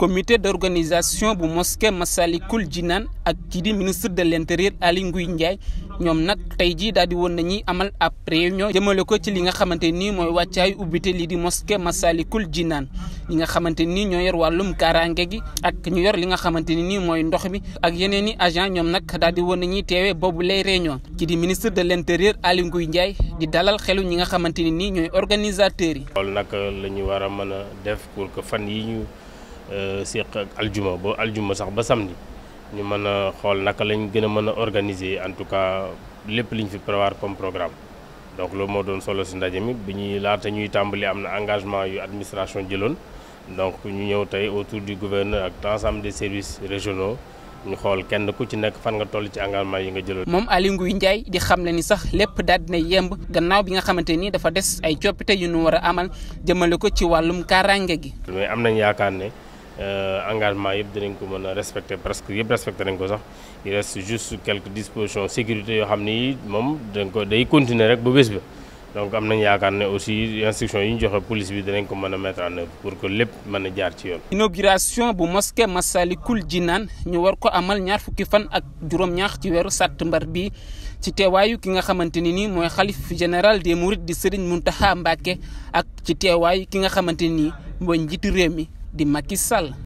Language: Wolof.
comité d'organisation bu mosquée Massalikul naan ak kii di ministre de l'intérieur Aly Ngouille Ndiaye ñoom nag tey jii daal di woon nañuy amal ab réunion jëmale ko ci li nga xamante nii mooy wàccaay ubbite lii di mosquée Massalikul naan li nga xamante nii ñoo yor wàllum kaaraange gi ak ñu yor li nga xamante nii mooy ndox mi ak yeneen i agent ñoom nag daal di woon nañuy teewee boobu lay réunion kii di ministre de l'intérieur Aly Ngouille Ndiaye di dalal xelu ñi nga xamante ni ñooy organisateurs yi. loolu nag la ñu war a mën a fan yi Euh, seq ak aljuma ba aljuma sax ba samedi ñu mën a xool naka lañ gën a mën a organiser en tout cas lépp li ñu fi prévoir comme programme donc loolu moo doon solo si ndaje mi bi ñuy laata ñuy tàmbali am na engagement yu administration jëloon donc ñu ñëw tey autour du gouverneur ak l'ensemble des service régionaux ñu xool kenn ku ci nekk fan nga toll ci engagement yi nga jëloon. moom Aly Ngouille Ndiaye xam ne ni sax lépp daal dina yemb gannaaw bi nga xamante nii dafa des ay coppite yu ñu war a amal jëmale ko ci wàllum kaaraange gi. mais am nañ yaakaar ne. Euh, engagement yëpp danañ ko mën a respecté presque yëpp respecté nañ ko sax il reste juste quelques dispositions sécurité yoo xam ni moom dañ ko day continuer rek ba bés bi donc am nañ yaakaar ne aussi instruction yi ñu joxe police bi danañ ko mën a mettre en œuvre pour que lépp mën a jaar ci yoon. inauguration bu mosquée Massalikul naan ñu war ko amal ñaar fukki fan ak juróom ñaax ci weeru mbar bi ci teewaayu ki nga xamante ni nii mooy xalif général des mourides di Serigne Mountakha Mbacké ak ci teewaayu ki nga xamante nii mooy njiitu réew mi. di Macky Sall